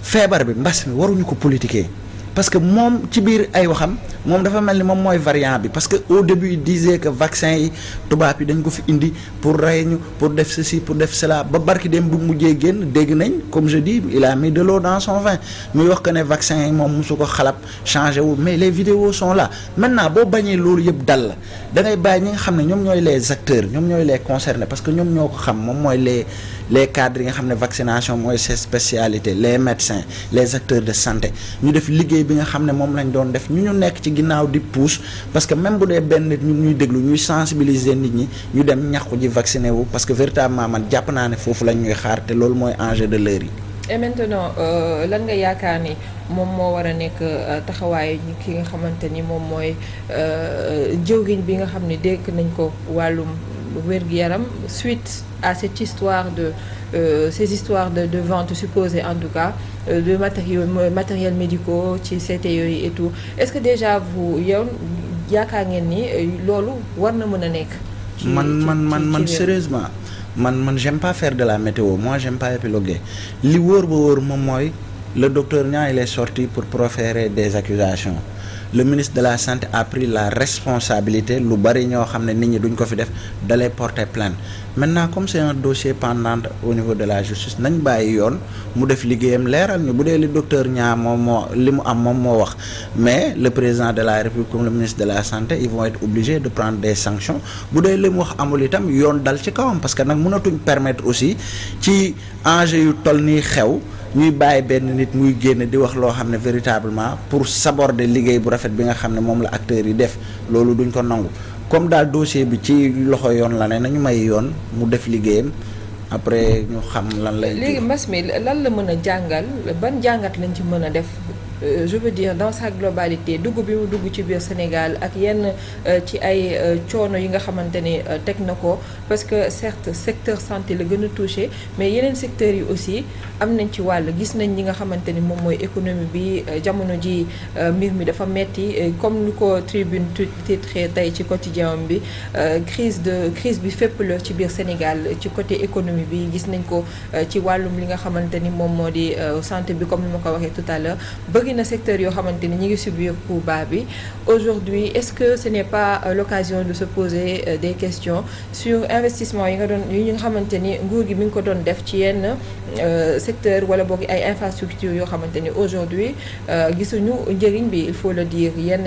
feebar bi mbas mi waruñu ko politiquer parce que moom ci biir ay waxam moom dafa mel ni moom mooy variant bi parce que au début il disait que vaccin yi tubaab yi dañ ko fi indi pour rey ñu pour def ceci pour def cela ba barki dem bu mujjee génn dégg nañ comme je dis il mis de l'eau dans son vin muy wax que ne vaccin yi moom mosu ko xalab changé wu mais les vidéos la là maintenant boo bañee loolu yëpp dal la da ngay bàyyi ñi nga xam ne ñoom ñooy les acteurs ñoom ñooy les concernés parce que ñoom ñoo ko xam moom mooy les cadres yi nga xam ne vaccination mooy seen spécialité les médecins les acteurs de santé ñu def liggéey bi nga xam ne moom lañ doon def ñu ñu nekk ci ginnaaw di pousse parce que même bu dee benn nit ñun ñuy déglu ñuy sensibiliser nit ñi ñu dem ñaxu ji vacciné wu parce que véritablement man jàpp naa ne foofu lañ ñuy xaar te loolu mooy enjeu de l'heure yi.
et maintenant euh, lan nga yaakaar ni moom moo war a nekk euh, taxawaayu ki nga xamante ni moom mooy euh, jëwriñ bi nga xam ne dénk nañ ko wàllum. wér-gu-yaram suite à cette histoire de euh, ces histoires de de vente supposées en tout cas euh, de matériaux matériels médicaux ci CT yooyu et est-ce que déjà vous yow yaakaar ngeen ni euh, loolu war na mën a nekk.
man man man man sérieusement man man j'aime pas faire de la météo moi j'aime pas épiloguer li wóor ba wóor moom mooy le docteur Niang il est sorti pour proférer des accusations le ministre de la santé a la responsabilité lu bari ñoo xam ne nit ñi duñ ko fi def dalay porter plainte maintenant comme c'est un dossier pendant au niveau de la justice nañ bàyyi yoon mu def liggéeyam leeral ñu bu dee li docteur ñaa moom moo li mu am moom moo wax mais le président de la république comme le ministre de la santé ils vont être obligés de prendre des sanctions bu dee li mu wax amul itam yoon dal ci kawam parce que nag munatuñu permettre aussi ci enjeu yu toll nii xew ñuy bàyyi benn nit muy génn di wax loo xam ne véritablement pour saborder liggéey bu rafet bi nga xam ne moom la acteur yi def loolu duñ ko nangu comme daal dossier bi ci loxo yoon la ne nañu may yoon mu def liggéeyam après ñu xam lan lay léegi
mas mi lan la mën a jàngal ban jàngat lañ ci mën a def Euh, je dire dans sa globalité dugg bi mu dugg ci biir Sénégal ak yenn euh, ci ay euh, coono yi nga xamante ne teg na ko parce que certes secteur santé la gën a touché mais yeneen secteurs yi aussi am nañ ci wàll gis nañ ñi nga xamante ni moom mooy économie bi jamono ji mbir mi dafa metti comme lu ko tribune titré tey ci quotidien bi crise de crise bi fépp la ci biir Sénégal ci côté économie bi gis nañ ko ci wàllum li nga xamante ni moom moo di santé bi comme ni ma ko waxee tout à bëri na secteur yoo xamante ni ñu ngi subir coup bas bi aujourd'hui est-ce que ce ne pas euh, l'occasion de se euh, des questions sur investissement yi nga doon yi nga xamante ni nguur gi mi ngi ko doon def ci yenn euh, secteur wala boog ay infrastructures yoo xamante ni aujourd'hui gisuñu njëriñ bi il faut le dire yenn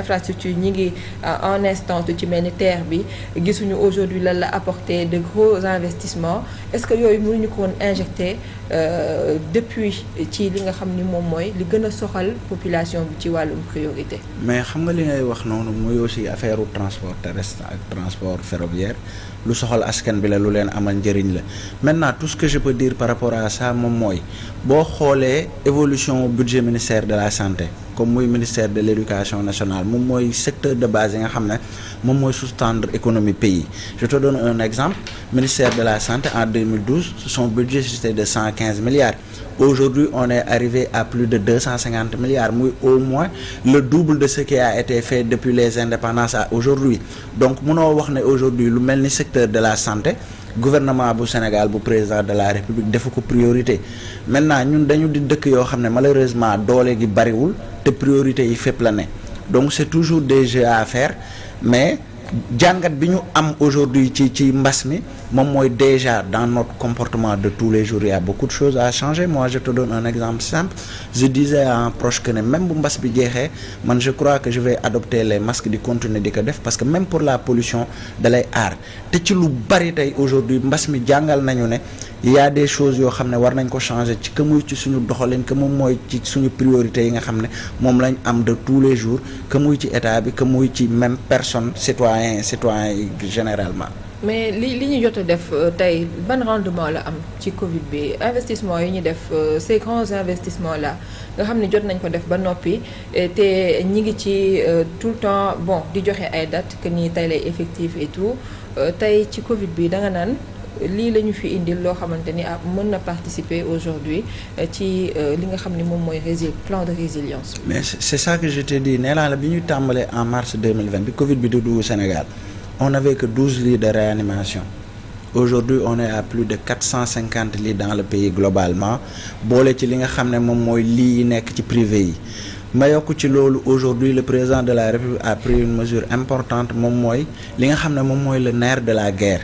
infrastructure ñi ngi en instance ci mel ni terre bi gisuñu aujourd'hui lan la apporter de gros investissements est-ce que yooyu mu ko woon injecter Euh, depuis ci li nga xam ni moom mooy li gën a soxal population bi ci wàllum priorité.
mais xam nga li ngay wax noonu muy aussi affaire transport terrestre ak transport ferroviaire lu soxal askan bi la lu leen amal njëriñ la maintenant tout ce que je peux dire par rapport à saa moom mooy boo xoolee évolution budget ministère de la santé. comme muy ministère de l' éducation nationale moom mooy secteur de base yi nga xam ne moom mooy sous-tendre économie pays je te donne un exemple ministère de la santé en 2012 son budget c'était de milliards aujourd'hui on est arrivé à plus de 250 milliards muy au moins le double de ce qui a été fait depuis les indépendances à aujourd'hui donc mënoo wax ne aujourd'hui lu mel ni secteur de la santé gouvernement bu Sénégal bu président de la République defu ko priorité maintenant ñun dañu di dëkk yoo xam ne malheureusement doole gi bariwul te priorité yi fépp la ne donc c'est toujours des jeux à faire mais jàngat bi ñu am aujourd'hui ci ci mbas mi moom mooy déjà dans notre comportement de tous les jours il y a beaucoup de choses à changer moi je te donne un exemple simple je disais à proche que ne même bu mbas bi jeexee man je crois que je vais adopter les masques di continuer di ko def parce que même pour la pollution dalay aar te ci lu bari tey aujourd'hui mbas mi jàngal nañu ne il y a des choses yoo xam ne war nañ ko changer ci que muy ci suñu doxalin que moom mooy ci suñu priorité yi nga xam ne moom lañ am de tous les jours que muy ci état bi que muy ci même personne citoyen citoyen yi généralement
mais li li ñu jot a def euh, tey ban rendement la am ci Covid bi investissement yi ñu def euh, ces grands investissements là nga xam ne jot nañ ko def ba noppi te ñi ngi ci euh, tout le temps bon di joxe ay date que ni tey lay effectif et tey ci Covid bi da nga lii la ñu fi indi loo xamante ni ah mën na participer aujourd'hui euh, ci euh, li nga xam ni moom mooy résil plan de résilience.
mais c'est ça que je te dis nee naa bi ñu tàmbalee en mars 2020 bi Covid bi du dugg Sénégal on n'avait que 12 lits de réanimation aujourd'hui on est à plus de 450 dans le pays globalement boole ci li nga xam ne moom mooy lits yi nekk ci privé yi. ma yokk ci loolu aujourd'hui le président de la République a pris une mesure importante moom mooy li nga xam ne moom mooy le de la guerre.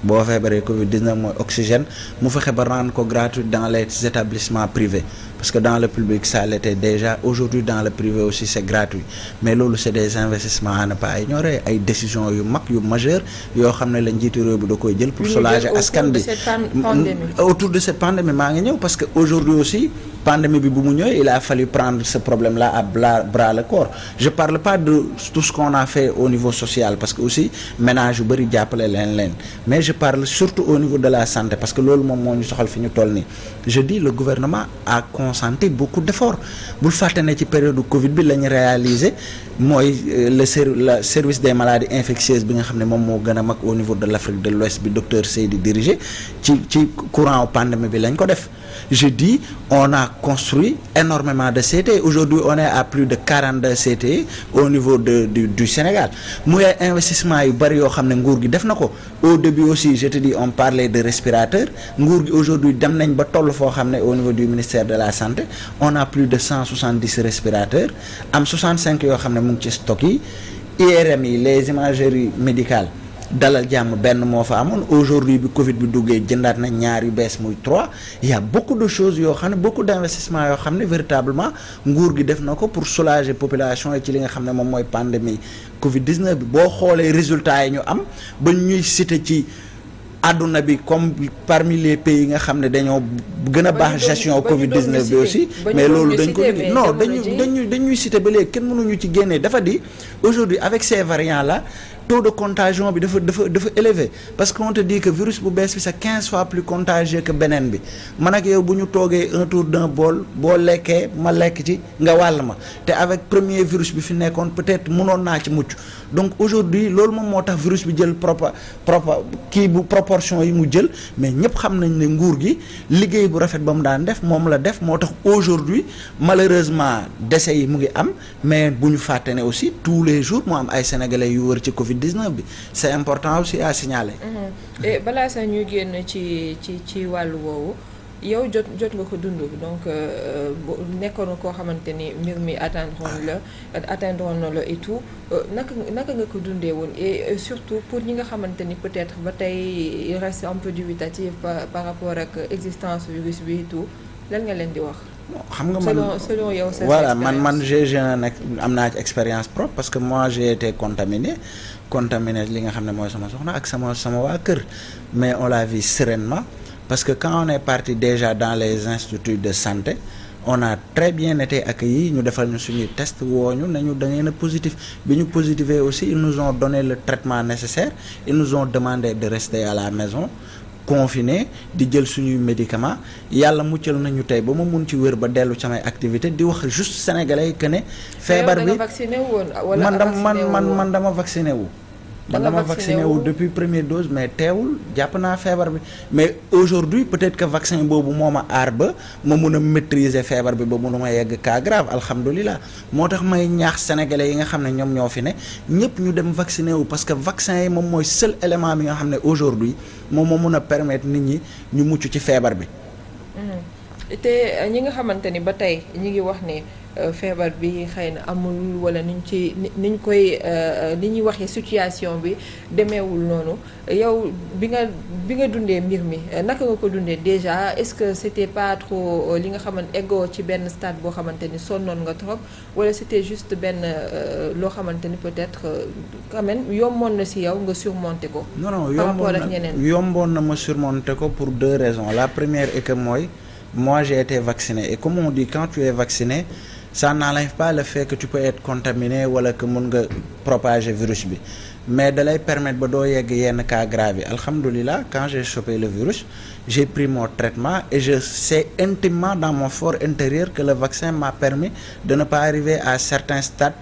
boo feebaree Covid 19 mooy oxygène mu fexe ba rendre ko gratuit dans les établissements privés parce que dans le public ça l'était déjà aujourd'hui dans le privé aussi c'est gratuit mais loolu c'est des investissements à ne pas ignorer ay décisions yu mag yu majeur yoo xam ne la njiitu réew bi da koy jël pour soulager askan bi mm, autour de cette pandémie maa ngi ñëw parce que aussi pandémie bi bu mu ñëwee il a fallu prendre ce problème là à bras le corps je parle pas de tout ce qu'on a fait au niveau social parce que aussi ménage yu bëri jàppale leen leen mais je parle surtout au niveau de la santé parce loolu moom moo ñu soxal ñu toll nii je consenti beaucoup d'efforts bul fàtte ne ci période Covid bi la ñu réalisé mooy euh, le le service des maladies infectieuses bi nga xam ne moom moo gën a mag au niveau de l'Afrique de l'Ouest bi docteur di dirigé ci ci courant pandémie bi lañ ko def je di on a construit énormément de CTE aujourd'hui on est à plus de 42 CTE au niveau de du, du Sénégal muy ay investissement yu bari yoo xam ne nguur gi def na ko au début aussi je te dis on parlait de respirateurs nguur gi aujourd'hui dem nañ ba toll foo xam ne au niveau du ministère de la santé on a plus de 170 respirateurs am cinq yoo xam ne mu ngi ci stock yi IRM yi les imageries médicales dalal jàmm benn moo fa amoon aujourd'hui bi Covid bi duggee jëndaat na ñaar yu bees muy trois il y a de choses yoo xam ne beaucoup d'investissements yoo xam ne véritablement nguur gi def na ko pour soulager population yi ci li nga xam ne moom mooy pandémie Covid 19 bi boo xoolee résultat yi ñu am ba ñuy cité ci. àdduna bi comme parmi les pays nga xam ne dañoo gën a baax gestion Covid 19 bi aussi mais loolu dañ ko liggéey non dañu dañu dañuy cité ba léegi kenn mënuñu ci génnee dafa di aujourd'hui avec ces variants taux de contagion bi dafa dafa dafa élevé parce que on te dit que virus bu bees bi sa quinze fois plus contagieux que beneen bi man ak yow bu ñu toogee un tour d'un bool boo lekkee ma lekk ci nga wàll ma te avec premier virus bi fi nekkoon peut-être mënoon naa ci mucc donc aujourd'hui loolu moom moo tax virus bi jël propa propa kii bu proportion yi mu jël mais ñëpp xam nañ ni nguur gi liggéey bu rafet ba mu daan def moom la def moo tax aujourd'hui malheureusement décès yi mu ngi am mais bu ñu fàtte ne aussi tous les jours mu am ay sénégalais yu wër ci Covid 19 bi c'est important aussi à signaler.
Mm-hmm. balaa sax ñu génn ci ci ci wàllu woowu. yow jot jot nga ko dund donc euh, nekkoon koo xamante ni mbir mi atteindre woon la atteindre woon na la et tout euh, naka nga ko dundee woon et surtout pour ñi nga xamante ni peut-être ba tey reste un peu dubitatif par par rapport ak existence virus bi et tout lan nga leen di wax. xam nga man selon selon yow voilà man
man j'ai am naa expérience propre parce que moi j'ai été contaminé contaminé li nga xam ne mooy sama soxna ak sama sama waa kër mais on l'a vu sereinement. parce que quand on parti déjà dans les instituts de santé on a très bien été accueillis ñu defal ñu suñuy test wooñu nañu da ngeen a positif bi ñu positiver aussi ils nous ont donné le traitement nécessaire ils nous ont demandé de rester à la maison confiné di jël suñuy médicament yàlla muccal nañu tey ba ma mun ci wér ba dellu ci samay activité di wax juste sénégalais que ne feebar bi
man dama man man man
dama vacciné wu
man dama vacciné wu
depuis première dose mais teewul jàpp naa feebar bi mais aujourd'hui peut-être que vaccin boobu moo ma aar ba ma mun a maîtriser feebar bi ba mun ma yegg cas grave alhamdulilah moo tax may ñaax sénégalais yi nga xam ne ñoom ñoo fi ne ñëpp ñu dem vacciné wu parce que vaccin yi moom mooy seul élément bi nga xam ne aujourd'hui moom moo mun a permettre nit ñi ñu mucc ci feebar bi.
Mm. te ñi nga xamante ni ba tey ñi ngi wax ne. Euh, feebar bi xëy na amul wala niñ ci niñ koy li euh, ñuy waxee situation bi demeewul noonu yow bi nga bi nga dundee mbir mi euh, naka nga ko dundee déjà est-ce que c'était pas trop li nga xamante eggoo ci benn stade boo xamante ni sonnoon nga trop wala c'était juste benn loo xamante ni peut-être quand même yomboon na si yow nga surmonter ko. non non yomboon na
yomboon na ma surmonter ko pour deux raisons la première est mooy moi j'ai été vacciné et comme on dit quand tu ça n'enlève pas le fait que tu peux être contaminé wala que mun nga propager virus bi mais dalay lay permettre ba doo yegg yenn cas grave yi alhamdulilah quand j'ai le virus je pris mon traitement et je sais intimement dans mon fort intérieur que le vaccin m'a permis de pas arriver à certains stades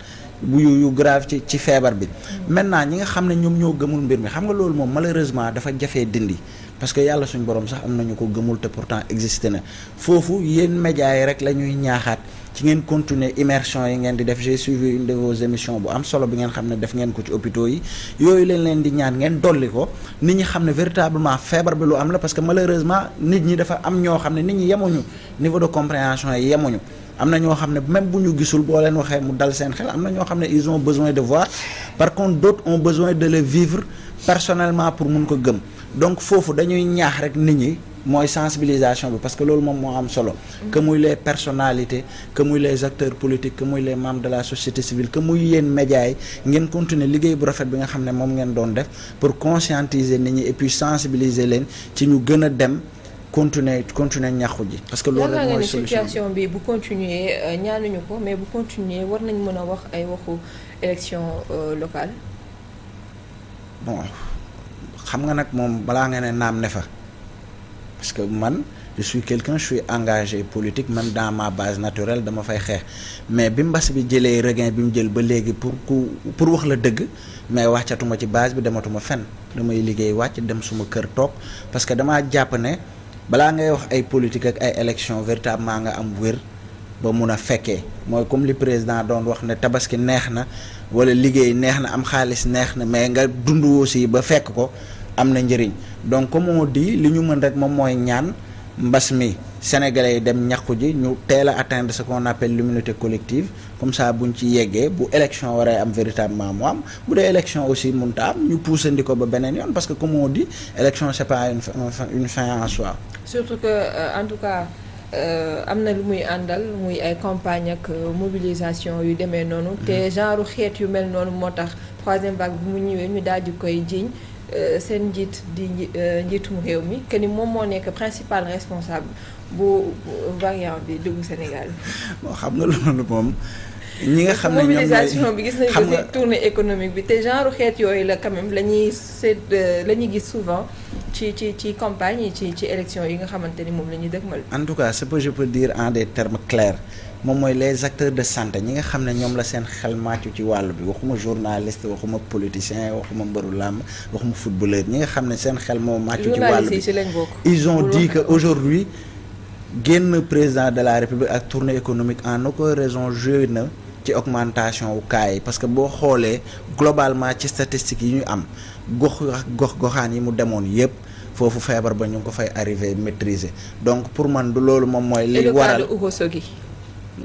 yu yu grave ci ci feebar bi maintenant ñi nga xam ne ñoom ñoo gëmul mbir mi xam nga loolu moom malheureusement dafa jafee dindi parce que yàlla suñ borom sax am nañu ko gëmul te pourtant existé na foofu yéen médias yi rek la ñuy ñaaxaat ci ngeen continuer immersion yi ngeen di def j'ai suivi une de vos bu am solo bi ngeen xam ne def ngeen ko ci hôpitaux yi yooyu leen leen di ñaan ngeen dolli ko nit ñi xam ne véritablement feebar bi lu am la parce que malheureusement nit ñi dafa am ñoo xam ne nit ñi yemuñu niveau de compréhension yi yemuñu am na ñoo xam ne même bu ñu gisul boo leen waxee mu dal seen xel am na ñoo xam ne ils ont besoin de voir par contre d'autres ont besoin de le vivre personnellement pour mun ko gëm donc foofu dañuy ñaax rek nit ñi mooy sensibilisation bi parce que loolu moom moo am solo que muy les personalité que muy les acteurs politique que muy les membres de la société civile que muy yéen médias yi ngeen continuer liggéey bu rafet bi nga xam ne moom ngeen doon def pour conscientiser nit ñi et puis sensibiliser leen ci ñu gën a dem continuer continuer ñaxu ji parce que loolu rek mooy solution situation
bi bu continuer euh, ñu ko mais bu continuer war nañ mën a wax ay waxu élection euh, locale
bon xam nga nag moom balaa nga ne naam ne parce que man je suis quelqu'un je suis politique man dans ma base naturelle dama fay xeex mais bi mbas bi jëlee regin bi mu jël ba léegi pour ku pour wax la dëgg mais wàccatuma ci base bi dematuma fenn damay liggéey wàcc dem suma kër toog parce que damaa jàpp ne balaa ngay wax ay politique ak ay élection maa nga am wér ba mun a fekkee mooy comme li président doon wax ne tabaski neex na wala liggéey neex na am xaalis neex na mais nga dund si ba fekk ko am na njëriñ donc comme on dit li ñu mën rek moom mooy ñaan mbas mi sénégalais yi dem ñàkku ji ñu teel a atteindre ce qu'on appelle l'immunité collective comme ça buñ ci yeggee bu élection waree am véritablement mu am bu dee élection aussi mënta am ñu puusandi ba beneen yoon parce que comme on dit élection c'est pas une une fin en soi.
surtout que euh, en tout cas. Euh, am na lu muy àndal muy ay campagne ak euh, mobilisation yu demee noonu. Mm-hmm. te genre xeet yu mel noonu moo tax troisième vague bu mu ñëwee ñu daal di koy jiiñ Euh, seen njiit di euh, njiitum réew mi que ni moom moo nekk principal responsable bu bu variant bi dugg Sénégal. bon xam nga
loolu moom. ñi nga xam ne ñoom mobilisation bi gis nañu
ko si bi te xeet yooyu la quand même la ñuy sédd la ñuy gis souvent ci ci ci campagne ci ci élection yi nga xamante ni moom la ñuy dëgmal.
en tout cas ce que en des termes clairs moom mooy les acteurs de santé ñi nga xam ne ñoom la seen xel màccu ci wàll bi waxuma journaliste waxuma politicien waxuma mbëru làmb waxuma footballeur ñi nga xam ne seen xel moo màccu ci wàll bi
ils ont dit que
aujourd'hui génn président de la république ak tournée économique en aucune raison joué na ci augmentation wu cas yi parce que boo xoolee globalement ci statistiques yi ñu am gox gox goxaan yi mu demoon yépp foofu feebar ba ñu ngi ko fay arriver maîtriser donc pour man du loolu moom mooy. li waral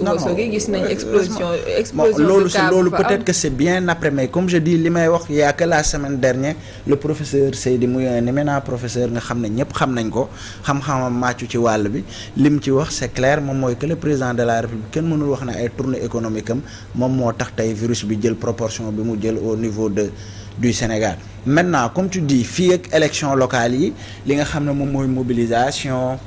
Ourossogui
gis nañ explosion euh, explosion loolu si loolu peut-être que
c'est bien après mais comme je dis li may wax y a la semaine dernière le professeur Seydi muy un éminent professeur nga xam na ñëpp xam nañ ko xam-xamam màccu ci wàll bi lim ci wax c'est clair moom mooy que le président de la République kenn mënul wax ne ay tournée économique am moom moo tax tey virus bi jël proportion bi mu jël au niveau de du Sénégal maintenant comme tu dis fii ak locale yi li nga xam ne moom mooy mobilisation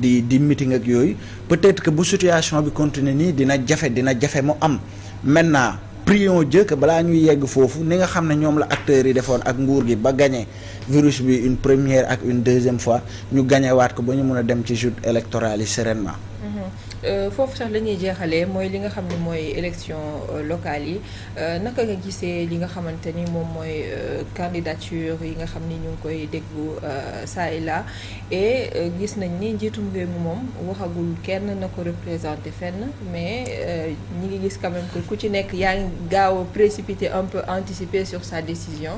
di di meeting ak yooyu peut-être que bu situation bi continuer nii dina jafe dina jafe mu am maintenant prions Dieu que balaa ñuy yegg foofu ni nga xam ne ñoom la acteurs yi defoon ak nguur gi ba gagné virus bi une première ak une deuxième fois ñu gagné waat ko ba ñu mën a dem ci joute électorale yi sereinement.
Mm-hmm. Euh, foofu sax la ñuy jeexalee mooy li nga xam ne mooy élection euh, locale yi euh, naka nga gisee li nga xamante ni moom mooy candidature yi nga xam ni ñu ngi koy déglu saa yi la et gis nañ ni njiitum réew moom waxagul kenn na ko représenté fenn mais ñi ngi gis quand même ku ci nekk yaa ngi gaaw a précipité un peu anticipé sur sa décision.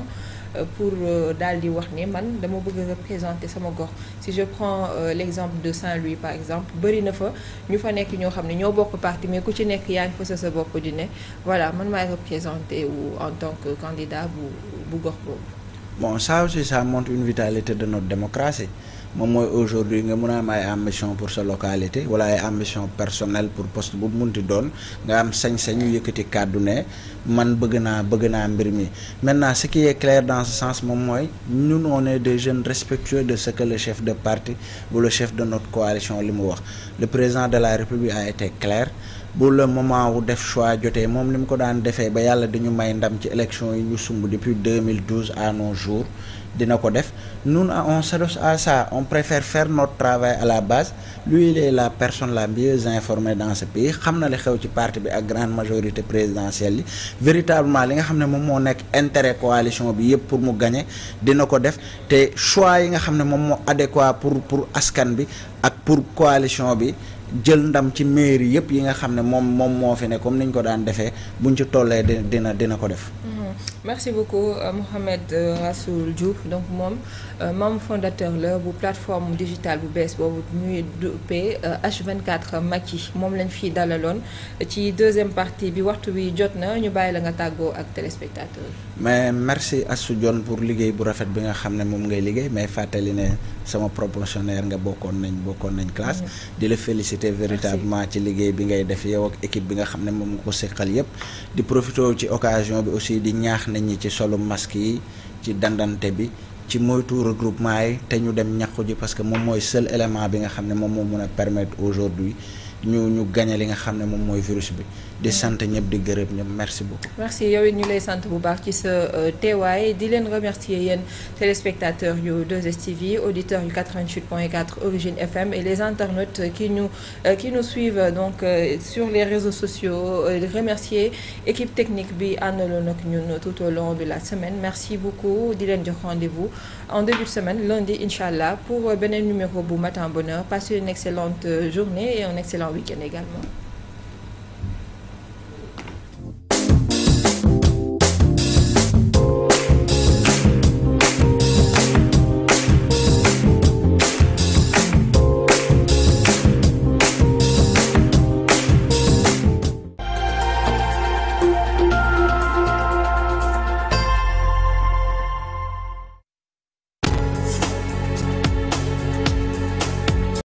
Euh, pour euh, daal di wax ni man dama bëgg représenter sama gox si je prends euh, l'exemple de Saint-Louis par exemple bëri na fa ñu fa nekk ñoo xam ne ñoo bokk parti mais ku ci nekk yaa ngi fa sa sa bopp di ne voilà man maay représenter wu en tant que candidat bu bu gox boobu.
bon ça aussi ça montre une vitalité de notre démocratie. moom mooy aujourd'hui nga mën a am ay ambition pour sa localité wala ay ambition personnelle pour poste bu munti doon nga am sañ-sañu yëkkati kàddu ne man bëgg naa bëgg naa mbir mi maintenant ce qui est clair dans ce moom mooy ñun on est des jeunes respectueux de ce que chef de parti ou le chef de notre coalition li mu wax le président de la république a été clair bu le moment wu def choix jotee moom li mu ko daan defee ba yàlla dañu may ndam ci élection yi ñu sumb depuis 2012 à nos jours dina ko def nous ah, on s'adosse à ça on préfère faire notre travail à la base lui il la personne la mieux informée dans ce pays xam na li xew ci parti bi ak grande majorité présidentielle li véritablement li nga xam ne moom moo nekk intérêt coalition bi yëpp pour mu gagner dina ko def te choix yi nga xam ne moom moo adéquat pour pour askan bi ak pour coalition bi jël ndam ci mairie yëpp yi nga xam ne moom moom moo fi ne comme niñ ko daan defee buñ ci tollee dina dina ko def
mm. merci beaucoup euh, Mouhamed euh, Rassoul Diouf donc moom Euh, membre fondateur la bu plateforme digitale bu bees boobu ñuy duppee euh, H24 Macky moom lañ fi dalaloon ci deuxième partie bi waxtu bi jot na ñu bàyyi la nga tàggoo ak téléspectateur
mais merci Astou Dione pour liggéey bu rafet bi nga xam ne moom ngay liggéey mais fàttali ne sama proportionnaire nga bokkoon nañ bokkoon nañ classe mm-hmm. di la féliciter véritablement ci liggéey bi ngay def yow ak équipe bi nga xam ne moom nga ko seqal yépp di profité ci occasion bi aussi di ñaax nañ ñi ci solo masque yi ci dandante bi ci moytu regroupement yi te ñu dem ñàqu ji parce que moom mooy seul élément bi nga xam ne moom moo mën a permettre aujourd'hui ñu ñu gagné li nga xam ne moom mooy virus bi di sant ñëpp di gërëm ñëpp merci beaucoup.
merci yow it ñu lay sant bu baax ci sa euh, teewaay di leen remercier yéen téléspectateurs yu 2STV auditeurs yu 88.4 Origine FM et les internautes qui nous euh, qui nous suivent donc euh, sur les réseaux sociaux remercier équipe technique bi àndaloon ak ñun tout au long la semaine merci beaucoup di leen jox rendez-vous en début de semaine incha allah pour beneen numéro bu Matin Bonheur passez une excellente journée et un excellent week-end également.